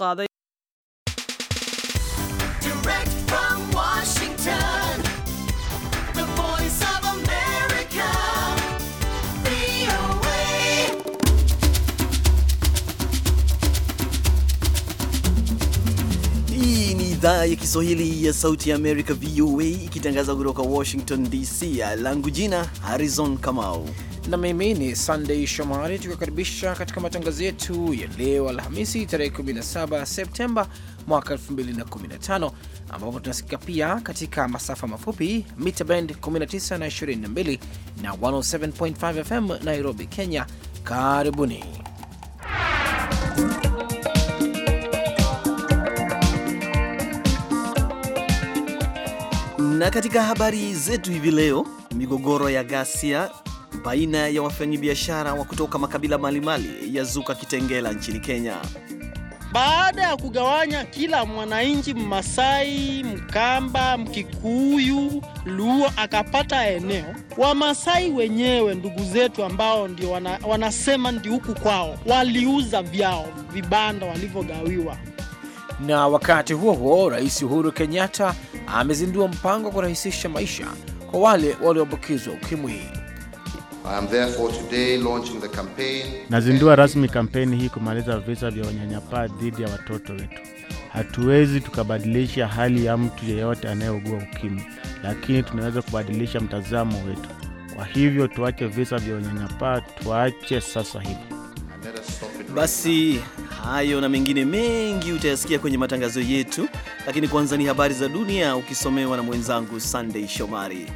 qaaday idhaa ya Kiswahili ya Sauti ya Amerika, VOA, ikitangaza kutoka Washington DC. Langu jina Harrison Kamau na mimi ni Sunday Shomari, tukikaribisha katika matangazo yetu ya leo Alhamisi tarehe 17 Septemba mwaka 2015 ambapo tunasikika pia katika masafa mafupi mita band 19 na 22 na 107.5 FM Nairobi, Kenya. Karibuni Na katika habari zetu hivi leo, migogoro ya ghasia baina ya wafanyabiashara wa kutoka makabila mbalimbali yazuka Kitengela nchini Kenya baada ya kugawanya kila mwananchi Mmasai, Mkamba, Mkikuyu, Luo akapata eneo. Wamasai wenyewe ndugu zetu ambao ndio wana, wanasema ndio huku kwao, waliuza vyao vibanda walivyogawiwa na wakati huo huo, Rais Uhuru Kenyatta amezindua mpango wa kurahisisha maisha kwa wale walioambukizwa ukimwi. Nazindua rasmi kampeni hii kumaliza visa vya unyanyapaa dhidi ya watoto wetu. Hatuwezi tukabadilisha hali ya mtu yeyote anayeugua ukimwi, lakini tunaweza kubadilisha mtazamo wetu. Kwa hivyo tuache visa vya unyanyapaa, tuache sasa hivi. Basi Hayo na mengine mengi utayasikia kwenye matangazo yetu, lakini kwanza ni habari za dunia ukisomewa na mwenzangu Sunday Shomari.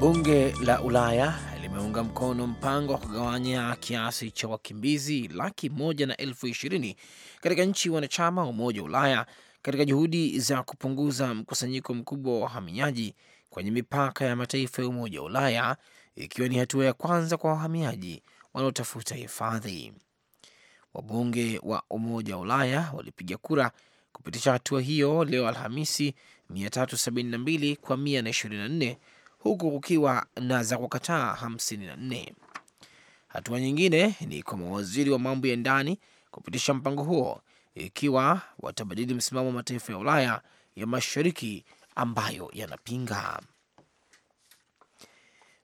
Bunge la Ulaya limeunga mkono mpango wa kugawanya kiasi cha wakimbizi laki moja na elfu ishirini katika nchi wanachama wa Umoja wa Ulaya katika juhudi za kupunguza mkusanyiko mkubwa wa wahamiaji kwenye mipaka ya mataifa ya Umoja wa Ulaya, ikiwa ni hatua ya kwanza kwa wahamiaji wanaotafuta hifadhi. Wabunge wa Umoja wa Ulaya walipiga kura kupitisha hatua hiyo leo Alhamisi, 372 kwa 124, huku kukiwa na za kukataa 54. Hatua nyingine ni kwa mawaziri wa mambo ya ndani kupitisha mpango huo ikiwa watabadili msimamo wa mataifa ya Ulaya ya mashariki ambayo yanapinga.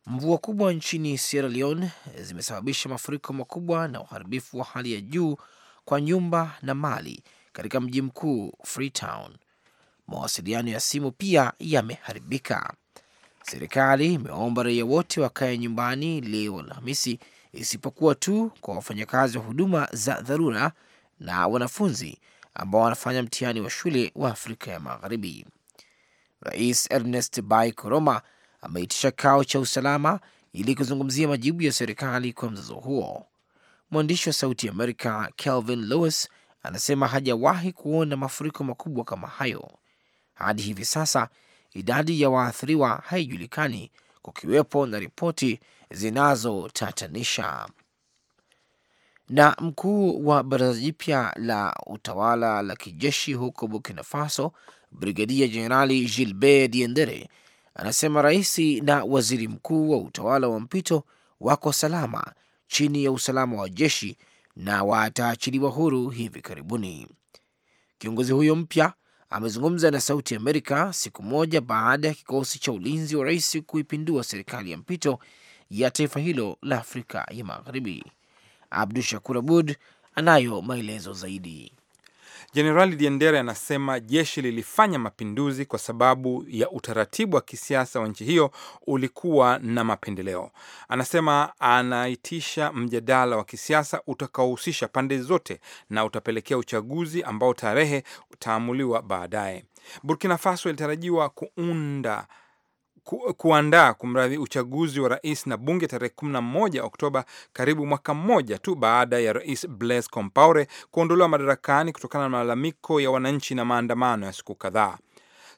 Mvua kubwa nchini Sierra Leone zimesababisha mafuriko makubwa na uharibifu wa hali ya juu kwa nyumba na mali katika mji mkuu Freetown. Mawasiliano ya simu pia yameharibika. Serikali imewaomba raia wote wakae nyumbani leo Alhamisi, isipokuwa tu kwa wafanyakazi wa huduma za dharura na wanafunzi ambao wanafanya mtihani wa shule wa Afrika ya Magharibi. Rais Ernest Bai Koroma ameitisha kikao cha usalama ili kuzungumzia majibu ya serikali kwa mzozo huo. Mwandishi wa Sauti ya Amerika Kelvin Lewis anasema hajawahi kuona mafuriko makubwa kama hayo hadi hivi sasa. Idadi ya waathiriwa haijulikani, kukiwepo na ripoti zinazotatanisha. Na mkuu wa baraza jipya la utawala la kijeshi huko Burkina Faso Brigadia Jenerali Gilbert Diendere anasema rais na waziri mkuu wa utawala wa mpito wako salama chini ya usalama wa jeshi na wataachiliwa huru hivi karibuni. Kiongozi huyo mpya amezungumza na Sauti Amerika siku moja baada ya kikosi cha ulinzi wa rais kuipindua serikali ya mpito ya taifa hilo la Afrika ya Magharibi. Abdu Shakur Abud anayo maelezo zaidi. Jenerali Diendere anasema jeshi lilifanya mapinduzi kwa sababu ya utaratibu wa kisiasa wa nchi hiyo ulikuwa na mapendeleo. Anasema anaitisha mjadala wa kisiasa utakaohusisha pande zote na utapelekea uchaguzi ambao tarehe utaamuliwa baadaye. Burkina Faso ilitarajiwa kuunda ku, kuandaa kumradhi uchaguzi wa rais na bunge tarehe 11 Oktoba, karibu mwaka mmoja tu baada ya rais Blaise Compaore kuondolewa madarakani kutokana na malalamiko ya wananchi na maandamano ya siku kadhaa.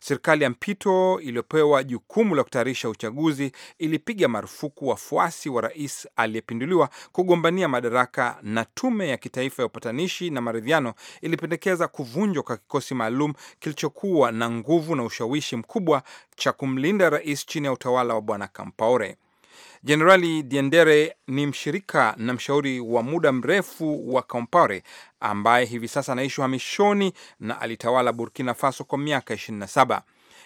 Serikali ya mpito iliyopewa jukumu la kutayarisha uchaguzi ilipiga marufuku wafuasi wa rais aliyepinduliwa kugombania madaraka, na tume ya kitaifa ya upatanishi na maridhiano ilipendekeza kuvunjwa kwa kikosi maalum kilichokuwa na nguvu na ushawishi mkubwa cha kumlinda rais chini ya utawala wa bwana Kampaore. Jenerali Diendere ni mshirika na mshauri wa muda mrefu wa Compaore ambaye hivi sasa anaishi uhamishoni na alitawala Burkina Faso kwa miaka 27.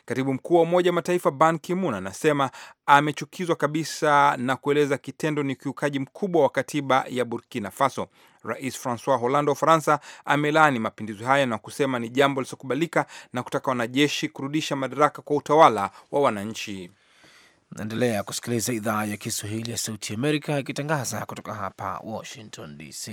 Katibu mkuu wa Umoja wa Mataifa Ban Ki-moon anasema amechukizwa kabisa na kueleza kitendo ni ukiukaji mkubwa wa katiba ya Burkina Faso. Rais Francois Hollande wa Ufaransa amelaani mapinduzi haya na kusema ni jambo lisilokubalika na kutaka wanajeshi kurudisha madaraka kwa utawala wa wananchi. Naendelea kusikiliza idhaa ya Kiswahili ya Sauti Amerika ikitangaza kutoka hapa Washington DC.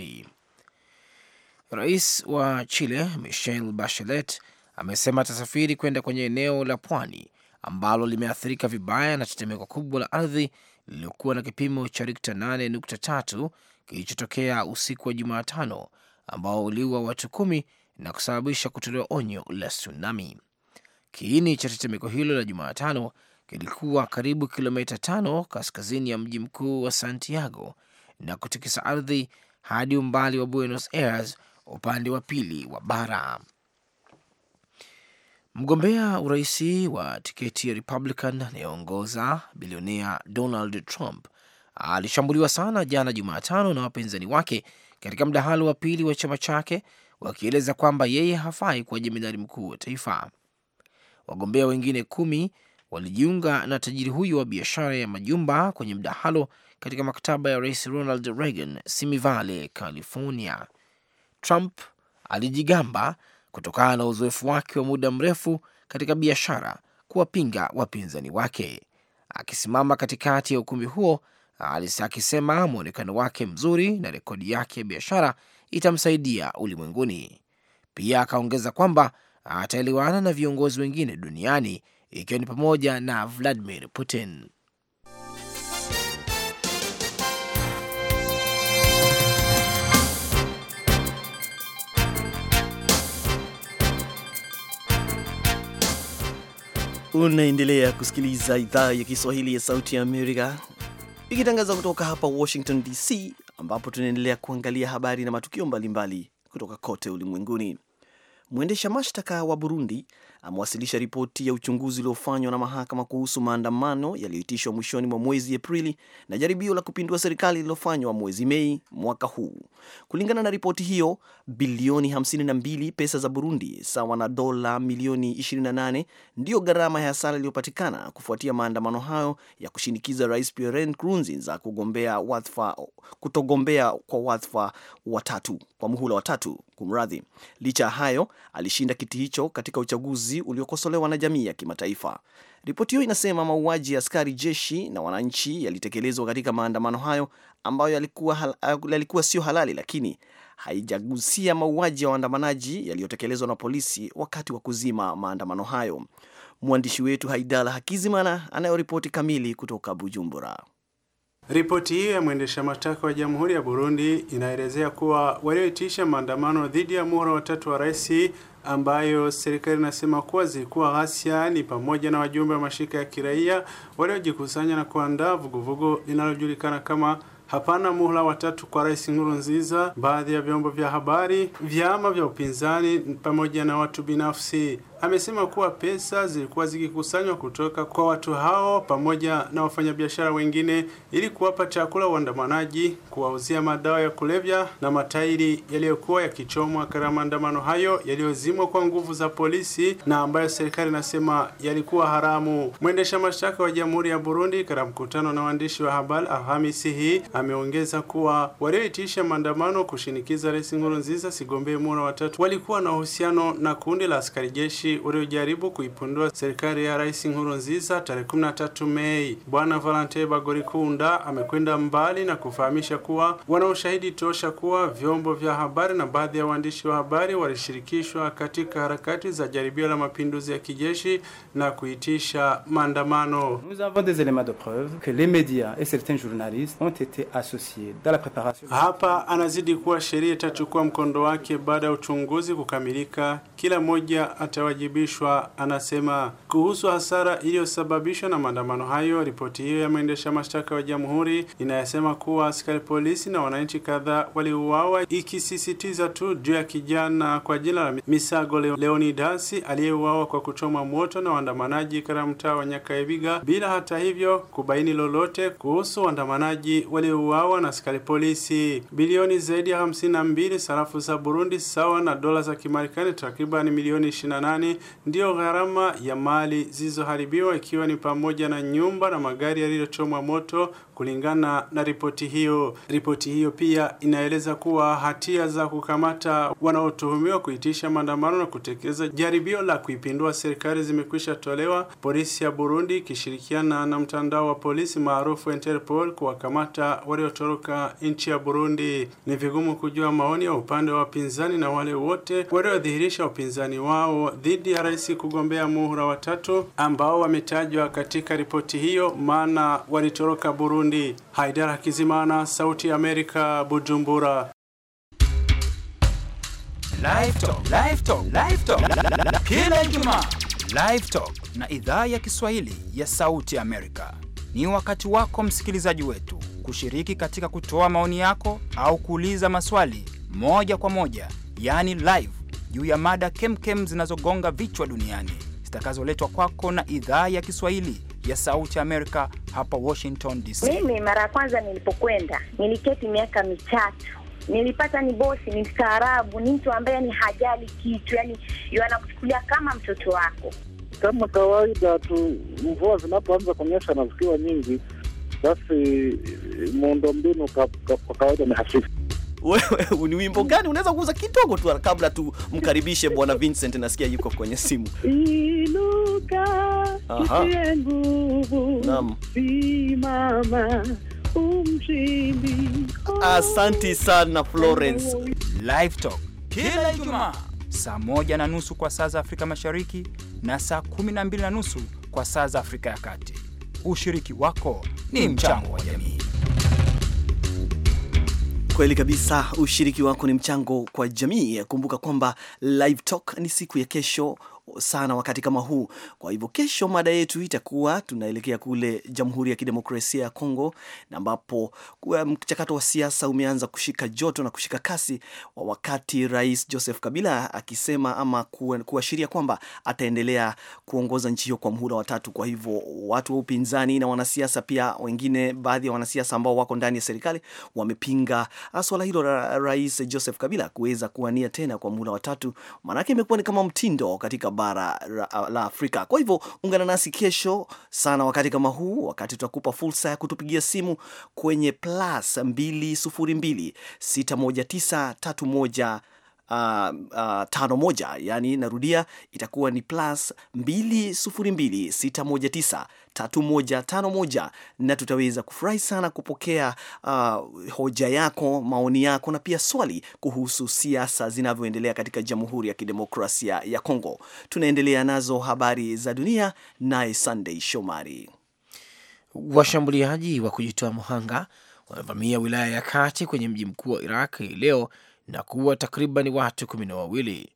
Rais wa Chile Michel Bachelet amesema atasafiri kwenda kwenye eneo la pwani ambalo limeathirika vibaya na tetemeko kubwa la ardhi lililokuwa na kipimo cha rikta 8.3 kilichotokea usiku wa Jumatano, ambao uliua watu kumi na kusababisha kutolewa onyo la tsunami. Kiini cha tetemeko hilo la Jumatano kilikuwa karibu kilomita tano kaskazini ya mji mkuu wa Santiago na kutikisa ardhi hadi umbali wa Buenos Aires upande wa pili wa bara. Mgombea urais wa tiketi ya Republican anayeongoza bilionea Donald Trump alishambuliwa sana jana Jumatano na wapinzani wake katika mdahalo wa pili wa chama chake, wakieleza kwamba yeye hafai kuwa jemadari mkuu wa taifa. Wagombea wengine kumi walijiunga na tajiri huyo wa biashara ya majumba kwenye mdahalo katika maktaba ya Rais Ronald Reagan, Simi Valley, California. Trump alijigamba kutokana na uzoefu wake wa muda mrefu katika biashara kuwapinga wapinzani wake. Akisimama katikati ya ukumbi huo, akisema mwonekano wake mzuri na rekodi yake ya biashara itamsaidia ulimwenguni. Pia akaongeza kwamba ataelewana na viongozi wengine duniani ikiwa ni pamoja na Vladimir Putin. Unaendelea kusikiliza idhaa ya Kiswahili ya Sauti ya Amerika ikitangaza kutoka hapa Washington DC, ambapo tunaendelea kuangalia habari na matukio mbalimbali mbali kutoka kote ulimwenguni. Mwendesha mashtaka wa Burundi amewasilisha ripoti ya uchunguzi uliofanywa na mahakama kuhusu maandamano yaliyoitishwa mwishoni mwa mwezi Aprili na jaribio la kupindua serikali lililofanywa mwezi Mei mwaka huu. Kulingana na ripoti hiyo, bilioni 52 pesa za Burundi sawa na dola milioni 28 ndiyo gharama ya hasara iliyopatikana kufuatia maandamano hayo ya kushinikiza Rais Pierre Nkurunziza kugombea wadhifa, kutogombea kwa wadhifa watatu kwa muhula watatu kumradhi. Licha ya hayo, alishinda kiti hicho katika uchaguzi uliokosolewa na jamii ya kimataifa. Ripoti hiyo inasema mauaji ya askari jeshi na wananchi yalitekelezwa katika maandamano hayo ambayo yalikuwa, hal, yalikuwa sio halali, lakini haijagusia mauaji ya waandamanaji yaliyotekelezwa na polisi wakati wa kuzima maandamano hayo. Mwandishi wetu Haidala Hakizimana anayoripoti kamili kutoka Bujumbura. Ripoti hiyo ya mwendesha mashtaka wa Jamhuri ya Burundi inaelezea kuwa walioitisha maandamano dhidi ya muhula watatu wa rais ambayo serikali inasema kuwa zilikuwa ghasia ni pamoja na wajumbe wa mashirika ya kiraia waliojikusanya na kuandaa vuguvugu linalojulikana kama hapana muhula watatu kwa Rais Nkurunziza, baadhi ya vyombo vya habari, vyama vya upinzani pamoja na watu binafsi amesema kuwa pesa zilikuwa zikikusanywa kutoka kwa watu hao pamoja na wafanyabiashara wengine ili kuwapa chakula waandamanaji, kuwauzia madawa ya kulevya na matairi yaliyokuwa yakichomwa katika maandamano hayo yaliyozimwa kwa nguvu za polisi na ambayo serikali inasema yalikuwa haramu. Mwendesha mashtaka wa Jamhuri ya Burundi katika mkutano na waandishi wa habari Alhamisi hii ameongeza kuwa walioitisha maandamano kushinikiza Rais Nkurunziza sigombee mura watatu walikuwa na uhusiano na kundi la askari jeshi ushindi uliojaribu kuipindua serikali ya Rais Nkurunziza tarehe 13 Mei. Bwana Valentin Bagorikunda amekwenda mbali na kufahamisha kuwa wana ushahidi tosha kuwa vyombo vya habari na baadhi ya waandishi wa habari walishirikishwa katika harakati za jaribio la mapinduzi ya kijeshi na kuitisha maandamano. Hapa anazidi kuwa sheria itachukua mkondo wake baada ya uchunguzi kukamilika, kila mmoja atawaji kuwajibishwa, anasema. Kuhusu hasara iliyosababishwa na maandamano hayo, ripoti hiyo ya mwendesha mashtaka wa jamhuri inayosema kuwa askari polisi na wananchi kadhaa waliuawa, ikisisitiza tu juu ya kijana kwa jina la Misago Leonidasi aliyeuawa kwa kuchoma moto na waandamanaji katika mtaa wa Nyakaebiga, bila hata hivyo kubaini lolote kuhusu waandamanaji waliouawa na askari polisi. Bilioni zaidi ya na mbili sarafu za Burundi sawa na dola za Kimarekani takribani milioni nane ndiyo gharama ya mali zilizoharibiwa ikiwa ni pamoja na nyumba na magari yaliyochomwa moto kulingana na ripoti hiyo. Ripoti hiyo pia inaeleza kuwa hatia za kukamata wanaotuhumiwa kuitisha maandamano na kutekeleza jaribio la kuipindua serikali zimekwisha tolewa. Polisi ya Burundi ikishirikiana na mtandao wa polisi maarufu Interpol kuwakamata waliotoroka nchi ya Burundi. Ni vigumu kujua maoni ya upande wa wapinzani na wale wote waliodhihirisha upinzani wao dhidi ya rais kugombea muhula watatu ambao wametajwa katika ripoti hiyo, maana walitoroka Burundi. Burundi. Haidara Kizimana, Sauti ya Amerika, Bujumbura. Live Talk, Live Talk, Live Talk. Kila Ijumaa Live Talk na idhaa ya Kiswahili ya Sauti ya Amerika. Ni wakati wako msikilizaji wetu kushiriki katika kutoa maoni yako au kuuliza maswali moja kwa moja, yaani live, juu ya mada kemkem zinazogonga vichwa duniani zitakazoletwa kwako na idhaa ya Kiswahili ya Sauti Amerika hapa Washington DC. Mimi mara ya kwanza nilipokwenda niliketi miaka mitatu nilipata ni bosi, ni mstaarabu, ni mtu ambaye ni hajali kitu, yani anakuchukulia kama mtoto wako. Kama kawaida tu, mvua zinapoanza kuonyesha na zikiwa nyingi, basi eh, muundombinu kwa kawaida ni hafifu wewe ni wimbo mm. gani unaweza kuuza kidogo tu kabla tumkaribishe bwana Vincent, nasikia yuko kwenye simu. Inuka kitie nguvu, simama umshindi. Oh. sana Florence. Live Talk kila Ijumaa saa moja na nusu kwa saa za Afrika Mashariki na saa kumi na mbili na nusu kwa saa za Afrika ya Kati. Ushiriki wako ni mchango wa jamii. Kweli kabisa, ushiriki wako ni mchango kwa jamii. Kumbuka kwamba Live Talk ni siku ya kesho sana wakati kama huu. Kwa hivyo kesho mada yetu itakuwa tunaelekea kule Jamhuri ya Kidemokrasia ya Kongo, na ambapo mchakato wa siasa umeanza kushika joto na kushika kasi wa wakati Rais Joseph Kabila akisema ama kuashiria kwamba ataendelea kuongoza nchi hiyo kwa muhula watatu. Kwa hivyo watu wa upinzani na wanasiasa pia wengine, baadhi ya wanasiasa ambao wako ndani ya serikali wamepinga ah, swala hilo la Rais Joseph Kabila kuweza kuwania tena kwa muhula watatu, maanake imekuwa ni kama mtindo katika bara la Afrika. Kwa hivyo ungana nasi kesho sana wakati kama huu, wakati tutakupa fursa ya kutupigia simu kwenye plus 202 619 31 Uh, uh, tano moja, yani narudia itakuwa ni plus moja tisa 3151 na tutaweza kufurahi sana kupokea uh, hoja yako, maoni yako na pia swali kuhusu siasa zinavyoendelea katika Jamhuri ya Kidemokrasia ya Kongo. Tunaendelea nazo habari za dunia, naye Sunday Shomari. Washambuliaji wa kujitoa mhanga wamevamia wilaya ya kati kwenye mji mkuu wa Iraq hii leo na kuua takriban watu kumi na wawili.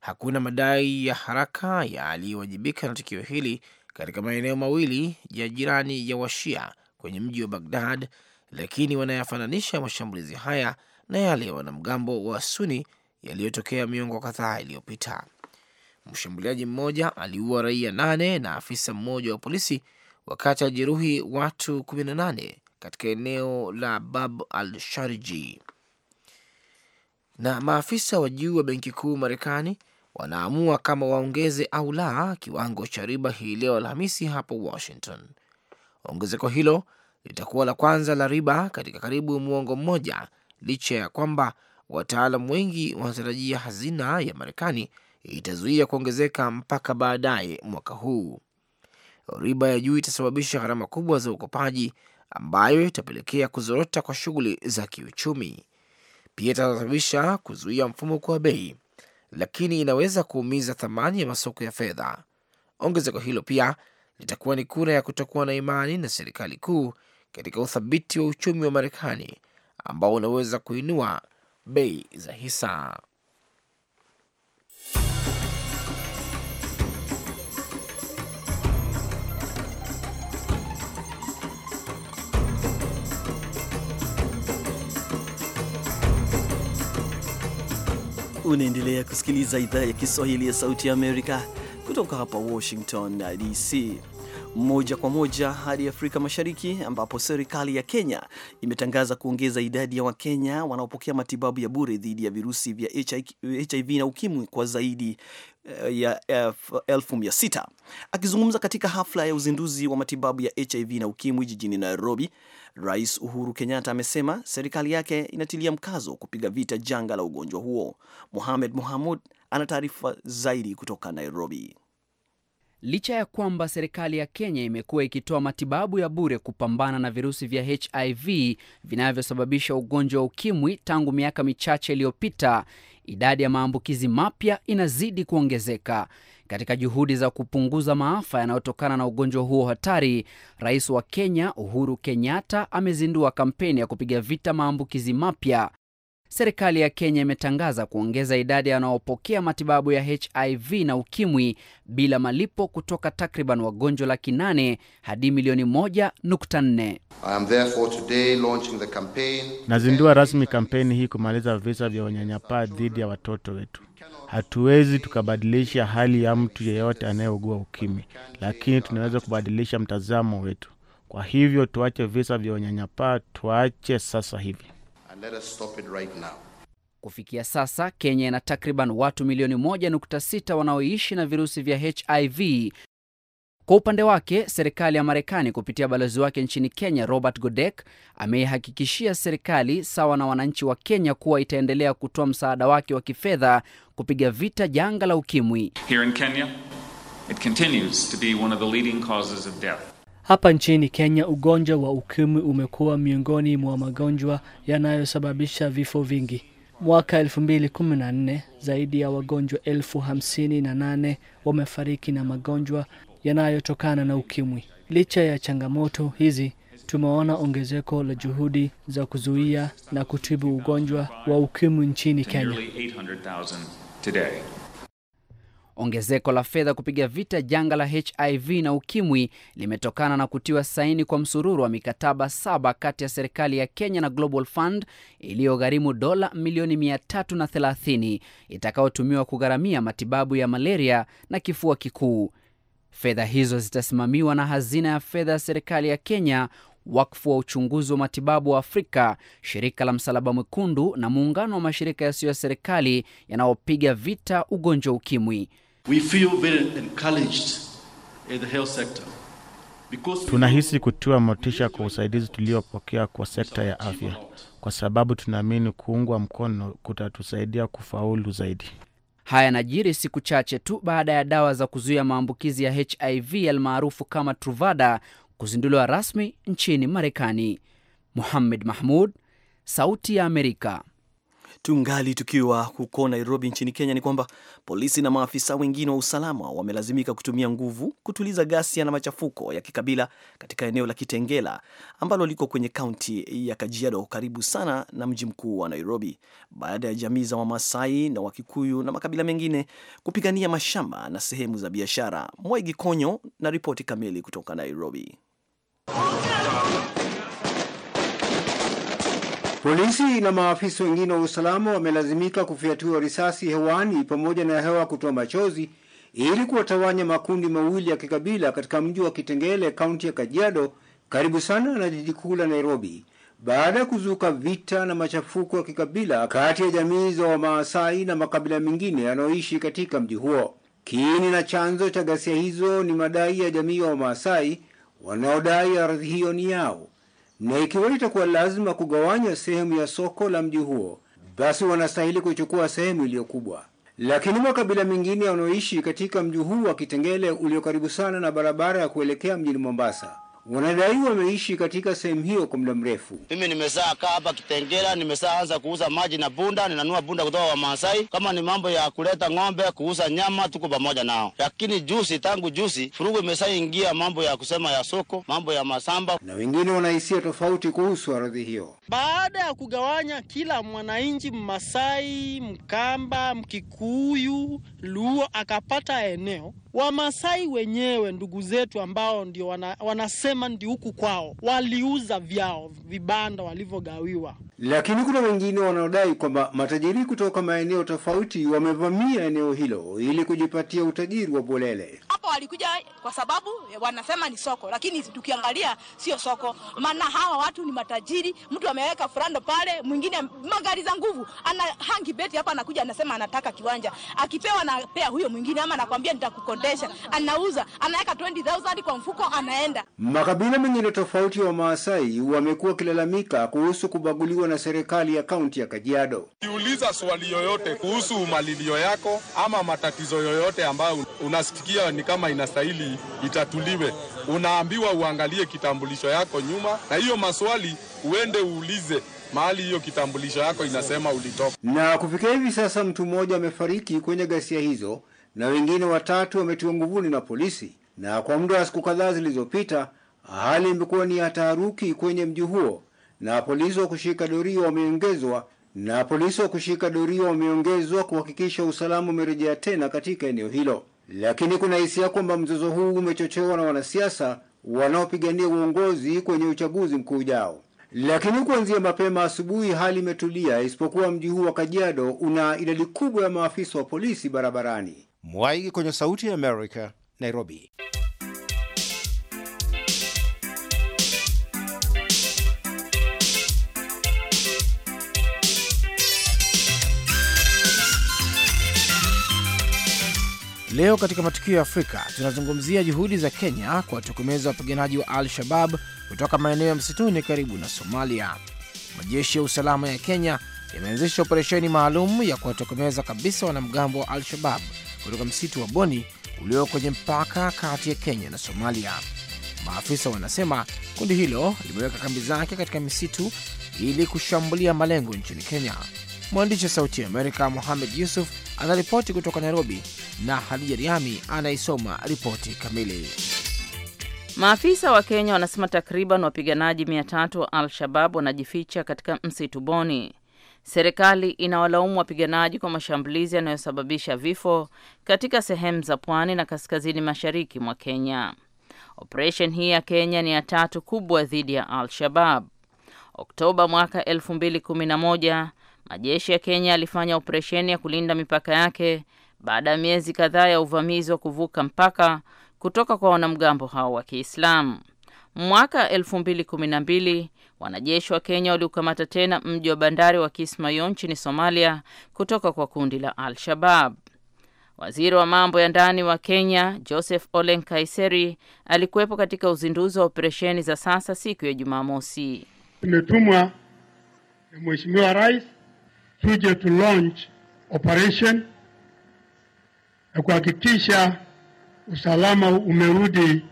Hakuna madai ya haraka yaliyowajibika na tukio hili katika maeneo mawili ya jirani ya Washia kwenye mji wa Bagdad, lakini wanayafananisha mashambulizi haya na yale ya wanamgambo wa Suni yaliyotokea miongo kadhaa iliyopita. Mshambuliaji mmoja aliua raia nane na afisa mmoja wa polisi wakati ajeruhi watu 18 katika eneo la Bab al Sharji. Na maafisa wa juu wa benki kuu Marekani wanaamua kama waongeze au la kiwango cha riba hii leo Alhamisi hapo Washington. Ongezeko hilo litakuwa la kwanza la riba katika karibu muongo mmoja, licha ya kwamba wataalam wengi wanatarajia hazina ya Marekani itazuia kuongezeka mpaka baadaye mwaka huu. Riba ya juu itasababisha gharama kubwa za ukopaji ambayo itapelekea kuzorota kwa shughuli za kiuchumi. Pia itasababisha kuzuia mfumuko wa bei lakini inaweza kuumiza thamani ya masoko ya fedha. Ongezeko hilo pia litakuwa ni kura ya kutokuwa na imani na serikali kuu katika uthabiti wa uchumi wa Marekani ambao unaweza kuinua bei za hisa. Unaendelea kusikiliza idhaa ya Kiswahili ya Sauti ya Amerika kutoka hapa Washington DC. Moja kwa moja hadi Afrika Mashariki, ambapo serikali ya Kenya imetangaza kuongeza idadi ya Wakenya wanaopokea matibabu ya bure dhidi ya virusi vya HIV na ukimwi kwa zaidi eh, ya eh, elfu mia sita. Akizungumza katika hafla ya uzinduzi wa matibabu ya HIV na ukimwi jijini Nairobi, Rais Uhuru Kenyatta amesema serikali yake inatilia mkazo kupiga vita janga la ugonjwa huo. Mohamed Mohamud ana taarifa zaidi kutoka Nairobi. Licha ya kwamba serikali ya Kenya imekuwa ikitoa matibabu ya bure kupambana na virusi vya HIV vinavyosababisha ugonjwa wa ukimwi tangu miaka michache iliyopita, idadi ya maambukizi mapya inazidi kuongezeka. Katika juhudi za kupunguza maafa yanayotokana na ugonjwa huo hatari, Rais wa Kenya Uhuru Kenyatta amezindua kampeni ya kupiga vita maambukizi mapya Serikali ya Kenya imetangaza kuongeza idadi yanaopokea matibabu ya HIV na ukimwi bila malipo kutoka takriban wagonjwa laki 8 hadi milioni 14 Nazindua rasmi kampeni hii kumaliza visa vya unyanyapaa dhidi ya watoto wetu. Hatuwezi tukabadilisha hali ya mtu yeyote anayeugua ukimwi, lakini tunaweza kubadilisha mtazamo wetu. Kwa hivyo tuache visa vya unyanyapaa, tuache sasa hivi let us stop it right now. Kufikia sasa Kenya ina takriban watu milioni 1.6 wanaoishi na virusi vya HIV. Kwa upande wake, serikali ya Marekani kupitia balozi wake nchini Kenya Robert Godek ameihakikishia serikali sawa na wananchi wa Kenya kuwa itaendelea kutoa msaada wake wa kifedha kupiga vita janga la ukimwi. Here in Kenya, it continues to be one of the leading causes of death. Hapa nchini Kenya, ugonjwa wa ukimwi umekuwa miongoni mwa magonjwa yanayosababisha vifo vingi. Mwaka 2014 zaidi ya wagonjwa elfu hamsini na nane wamefariki na magonjwa yanayotokana na ukimwi. Licha ya changamoto hizi, tumeona ongezeko la juhudi za kuzuia na kutibu ugonjwa wa ukimwi nchini Kenya. Ongezeko la fedha kupiga vita janga la HIV na ukimwi limetokana na kutiwa saini kwa msururu wa mikataba saba kati ya serikali ya Kenya na Global Fund iliyogharimu dola milioni 330 itakayotumiwa kugharamia matibabu ya malaria na kifua kikuu. Fedha hizo zitasimamiwa na hazina ya fedha ya serikali ya Kenya, wakfu wa uchunguzi wa matibabu wa Afrika, shirika la Msalaba Mwekundu na muungano wa mashirika yasiyo ya serikali yanayopiga vita ugonjwa ukimwi. We feel very encouraged in the health sector. tunahisi kutiwa motisha kwa usaidizi tuliopokea kwa sekta ya afya, kwa sababu tunaamini kuungwa mkono kutatusaidia kufaulu zaidi. Haya yanajiri siku chache tu baada ya dawa za kuzuia maambukizi ya HIV almaarufu kama Truvada kuzinduliwa rasmi nchini Marekani. Muhammad Mahmud, Sauti ya Amerika. Tungali tukiwa huko Nairobi nchini Kenya ni kwamba polisi na maafisa wengine wa usalama wamelazimika kutumia nguvu kutuliza ghasia na machafuko ya kikabila katika eneo la Kitengela ambalo liko kwenye kaunti ya Kajiado karibu sana na mji mkuu wa Nairobi, baada ya jamii za Wamasai na Wakikuyu na makabila mengine kupigania mashamba na sehemu za biashara. mwaigi Konyo na ripoti kamili kutoka Nairobi. Polisi na maafisa wengine wa usalama wamelazimika kufyatua risasi hewani pamoja na hewa kutoa machozi ili kuwatawanya makundi mawili ya kikabila katika mji wa Kitengele, kaunti ya Kajiado, karibu sana na jiji kuu la Nairobi, baada ya kuzuka vita na machafuko ya kikabila kati ya jamii za Wamaasai na makabila mengine yanayoishi katika mji huo. Kiini na chanzo cha ghasia hizo ni madai ya jamii ya Wamaasai wanaodai ardhi hiyo ni yao na ikiwa itakuwa lazima kugawanya sehemu ya soko la mji huo, basi wanastahili kuchukua sehemu iliyo kubwa. Lakini makabila mengine wanaoishi katika mji huu wa Kitengele ulio karibu sana na barabara ya kuelekea mjini Mombasa wanadaiwa wameishi katika sehemu hiyo kwa muda mrefu. Mimi nimesaa kaa hapa Kitengela, nimesaa anza kuuza maji na bunda, ninanua bunda kutoka wa Masai. Kama ni mambo ya kuleta ng'ombe, kuuza nyama, tuko pamoja nao, lakini juzi, tangu juzi furugu imesaingia mambo ya kusema ya soko, mambo ya masamba. Na wengine wanahisia tofauti kuhusu ardhi hiyo, baada ya kugawanya kila mwananchi Mmasai, Mkamba, Mkikuyu Luo akapata eneo, Wamasai wenyewe ndugu zetu ambao ndio wana, wanasema ndi huku kwao, waliuza vyao vibanda walivyogawiwa. Lakini kuna wengine wanaodai kwamba matajiri kutoka maeneo tofauti wamevamia eneo hilo ili kujipatia utajiri wa bolele hapa walikuja kwa sababu wanasema ni soko, lakini tukiangalia sio soko, maana hawa watu ni matajiri. Mtu ameweka frando pale, mwingine magari za nguvu, ana hangi beti hapa, anakuja anasema anataka kiwanja, akipewa anapea huyo mwingine, ama anakwambia nitakukondesha, anauza, anaweka 20000 kwa mfuko, anaenda. Makabila mengine tofauti wa Maasai wamekuwa wakilalamika kuhusu kubaguliwa na serikali ya kaunti ya Kajiado. Ukiuliza swali yoyote kuhusu malilio yako ama matatizo yoyote ambayo unasikia ni kama kama inastahili itatuliwe. Unaambiwa uangalie kitambulisho yako nyuma, na hiyo maswali uende uulize mahali hiyo kitambulisho yako inasema ulitoka. Na kufikia hivi sasa mtu mmoja amefariki kwenye ghasia hizo na wengine watatu wametiwa nguvuni na polisi, na kwa muda wa siku kadhaa zilizopita hali imekuwa ni ya taharuki kwenye mji huo, na polisi wa kushika doria wameongezwa na polisi wa kushika doria wameongezwa kuhakikisha usalama umerejea tena katika eneo hilo lakini kuna hisia kwamba mzozo huu umechochewa na wanasiasa wanaopigania uongozi kwenye uchaguzi mkuu ujao. Lakini kuanzia mapema asubuhi hali imetulia, isipokuwa mji huu wa Kajiado una idadi kubwa ya maafisa wa polisi barabarani. Mwaigi kwenye Sauti ya Amerika, Nairobi. Leo katika matukio ya Afrika tunazungumzia juhudi za Kenya kuwatokomeza wapiganaji wa Al Shabab kutoka maeneo ya msituni karibu na Somalia. Majeshi ya usalama ya Kenya yameanzisha operesheni maalum ya kuwatokomeza kabisa wanamgambo wa Al Shabab kutoka msitu wa Boni ulio kwenye mpaka kati ya Kenya na Somalia. Maafisa wanasema kundi hilo limeweka kambi zake katika misitu ili kushambulia malengo nchini Kenya. Mwandishi wa Sauti ya Amerika muhamed Yusuf anaripoti kutoka Nairobi na Hadija Riami anaisoma ripoti kamili. Maafisa wa Kenya wanasema takriban wapiganaji mia tatu wa Al-Shabab wanajificha katika msitu Boni. Serikali inawalaumu wapiganaji kwa mashambulizi yanayosababisha vifo katika sehemu za pwani na kaskazini mashariki mwa Kenya. Operesheni hii ya Kenya ni ya tatu kubwa dhidi ya Al-Shabab. Oktoba mwaka Majeshi ya Kenya yalifanya operesheni ya kulinda mipaka yake baada ya miezi kadhaa ya uvamizi wa kuvuka mpaka kutoka kwa wanamgambo hao wa Kiislamu. Mwaka 2012 wanajeshi wa Kenya waliukamata tena mji wa bandari wa Kismayo nchini Somalia kutoka kwa kundi la Al-Shabab. Waziri wa mambo ya ndani wa Kenya Joseph Olen Kaiseri alikuwepo katika uzinduzi wa operesheni za sasa siku ya Jumamosi. Tumetumwa na Mheshimiwa Rais tuje tu launch operation na kuhakikisha usalama umerudi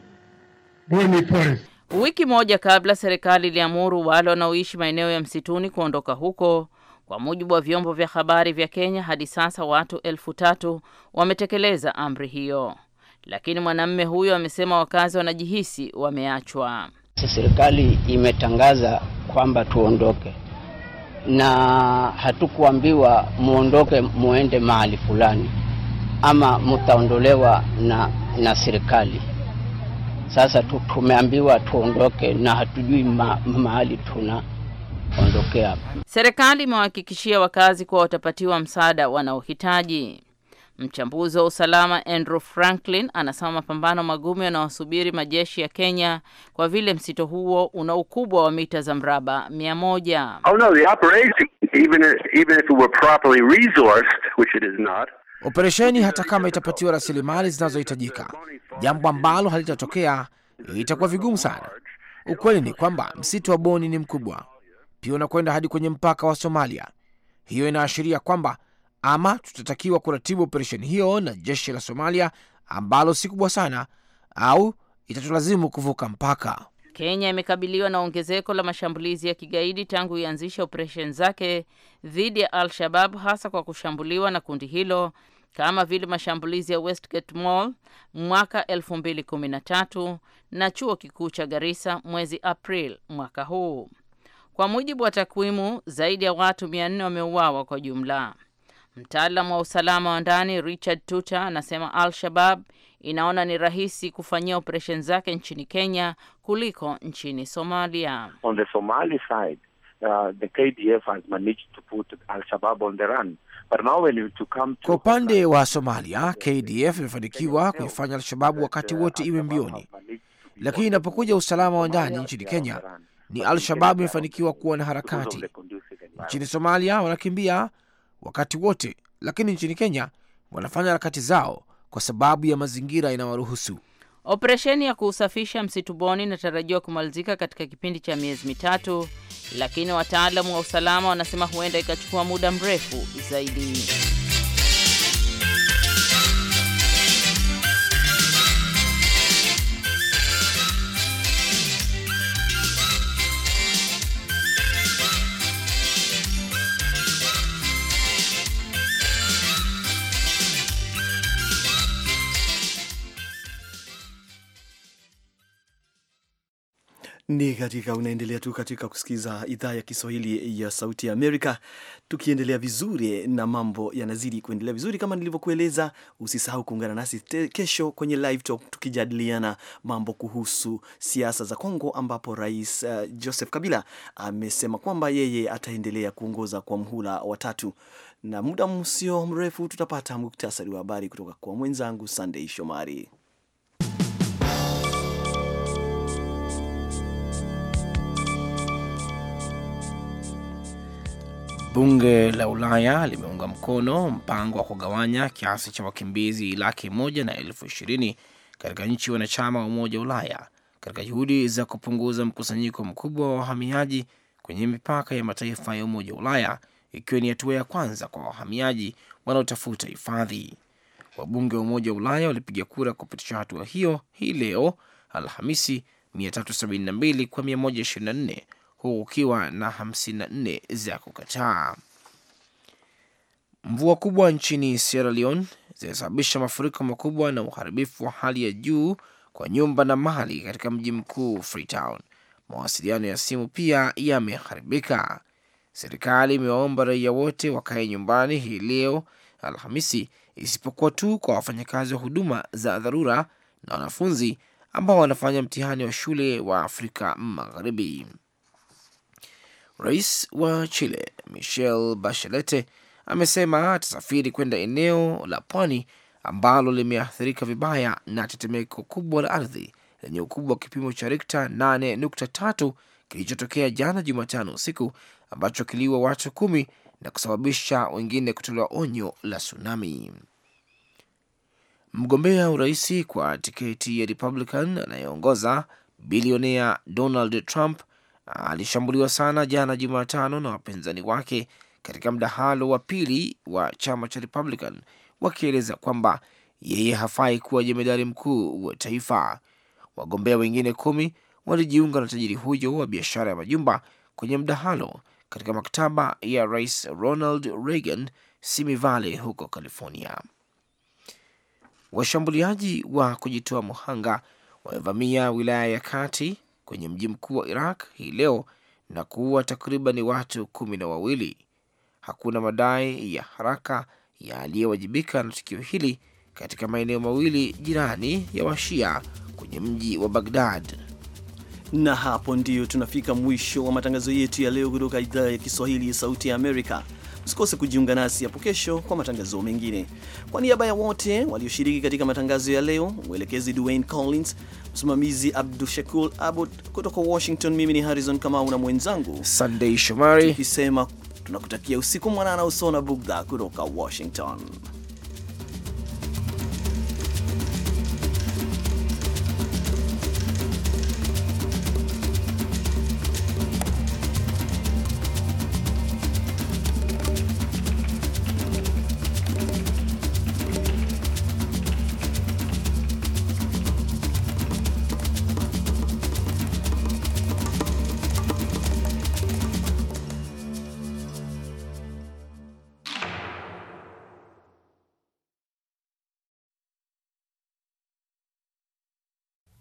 Boni Forest. Wiki moja kabla serikali iliamuru wale wanaoishi maeneo ya msituni kuondoka huko. Kwa mujibu wa vyombo vya habari vya Kenya, hadi sasa watu elfu tatu wametekeleza amri hiyo, lakini mwanamume huyo amesema wakazi wanajihisi wameachwa. Serikali imetangaza kwamba tuondoke, na hatukuambiwa muondoke muende mahali fulani ama mutaondolewa na, na serikali. Sasa tumeambiwa tuondoke na hatujui ma, mahali tuna Serikali imewahakikishia wakazi kuwa watapatiwa msaada wanaohitaji. Mchambuzi wa usalama Andrew Franklin anasema mapambano magumu yanawasubiri majeshi ya Kenya kwa vile msito huo una ukubwa wa mita za mraba mia moja. Oh no, Operesheni hata kama itapatiwa rasilimali zinazohitajika, jambo ambalo halitatokea, itakuwa vigumu sana. Ukweli ni kwamba msitu wa Boni ni mkubwa, pia unakwenda hadi kwenye mpaka wa Somalia. Hiyo inaashiria kwamba ama tutatakiwa kuratibu operesheni hiyo na jeshi la Somalia ambalo si kubwa sana, au itatulazimu kuvuka mpaka. Kenya imekabiliwa na ongezeko la mashambulizi ya kigaidi tangu ianzishe operesheni zake dhidi ya Al-Shabab, hasa kwa kushambuliwa na kundi hilo kama vile mashambulizi ya Westgate Mall mwaka 2013 na chuo kikuu cha Garissa mwezi April mwaka huu. Kwa mujibu wa takwimu, zaidi ya watu 400 wameuawa kwa jumla. Mtaalamu wa usalama wa ndani Richard Tuta anasema Al-Shabab inaona ni rahisi kufanyia operesheni zake nchini Kenya kuliko nchini Somalia. On the Somali side, uh, the KDF has managed to put Al-Shabab on the run. But now when you come to... Kwa upande wa Somalia, KDF imefanikiwa kuifanya Al-Shababu wakati wote iwe mbioni, lakini inapokuja usalama wa ndani nchini Kenya ni Al-Shababu imefanikiwa kuwa na harakati. Nchini Somalia wanakimbia wakati wote, lakini nchini Kenya wanafanya harakati zao kwa sababu ya mazingira inawaruhusu. Operesheni ya kuusafisha msitu Boni inatarajiwa kumalizika katika kipindi cha miezi mitatu, lakini wataalamu wa usalama wanasema huenda ikachukua muda mrefu zaidi. ni katika unaendelea tu katika kusikiza idhaa ya Kiswahili ya Sauti ya Amerika, tukiendelea vizuri na mambo yanazidi kuendelea vizuri kama nilivyokueleza. Usisahau kuungana nasi kesho kwenye live talk, tukijadiliana mambo kuhusu siasa za Kongo, ambapo Rais uh, Joseph Kabila amesema kwamba yeye ataendelea kuongoza kwa mhula watatu, na muda msio mrefu tutapata muktasari wa habari kutoka kwa mwenzangu Sandei Shomari. Bunge la Ulaya limeunga mkono mpango wa kugawanya kiasi cha wakimbizi laki moja na elfu ishirini katika nchi wanachama wa Umoja wa Ulaya katika juhudi za kupunguza mkusanyiko mkubwa wa wahamiaji kwenye mipaka ya mataifa ya Umoja wa Ulaya, ikiwa ni hatua ya kwanza kwa wahamiaji wanaotafuta hifadhi. Wabunge wa Umoja wa Ulaya walipiga kura kupitisha hatua hiyo hii leo Alhamisi, 372 kwa 124 huku kukiwa na 54 za kukataa. Mvua kubwa nchini Sierra Leone zilisababisha mafuriko makubwa na uharibifu wa hali ya juu kwa nyumba na mali katika mji mkuu Freetown. Mawasiliano ya simu pia yameharibika. Serikali imewaomba raia wote wakae nyumbani hii leo Alhamisi, isipokuwa tu kwa wafanyakazi wa huduma za dharura na wanafunzi ambao wanafanya mtihani wa shule wa Afrika Magharibi. Rais wa Chile Michel Bachelet amesema atasafiri kwenda eneo la pwani ambalo limeathirika vibaya na tetemeko kubwa la ardhi lenye ukubwa wa kipimo cha Rikta 8.3 kilichotokea jana Jumatano usiku ambacho kiliua watu kumi na kusababisha wengine kutolewa onyo la tsunami. Mgombea urais kwa tiketi ya Republican anayeongoza bilionea Donald Trump alishambuliwa sana jana Jumatano na wapinzani wake katika mdahalo wa pili wa chama cha Republican, wakieleza kwamba yeye hafai kuwa jemedari mkuu wa taifa. Wagombea wengine kumi walijiunga na tajiri huyo wa biashara ya majumba kwenye mdahalo katika maktaba ya Rais Ronald Reagan Simi Valley huko California. Washambuliaji wa kujitoa muhanga wamevamia wilaya ya kati kwenye mji mkuu wa Iraq hii leo na kuua takriban watu kumi na wawili. Hakuna madai ya haraka ya aliyewajibika na tukio hili katika maeneo mawili jirani ya Washia kwenye mji wa Bagdad. Na hapo ndio tunafika mwisho wa matangazo yetu ya leo kutoka idhaa ya Kiswahili ya Sauti ya Amerika. Usikose kujiunga nasi hapo kesho kwa matangazo mengine. Kwa niaba ya wote walioshiriki katika matangazo ya leo, mwelekezi Dwayne Collins, msimamizi Abdu Shakul Abud kutoka Washington. Mimi ni Harrison Kamau na mwenzangu Sunday Shomari, tukisema tunakutakia usiku mwanana usona bugdha kutoka Washington.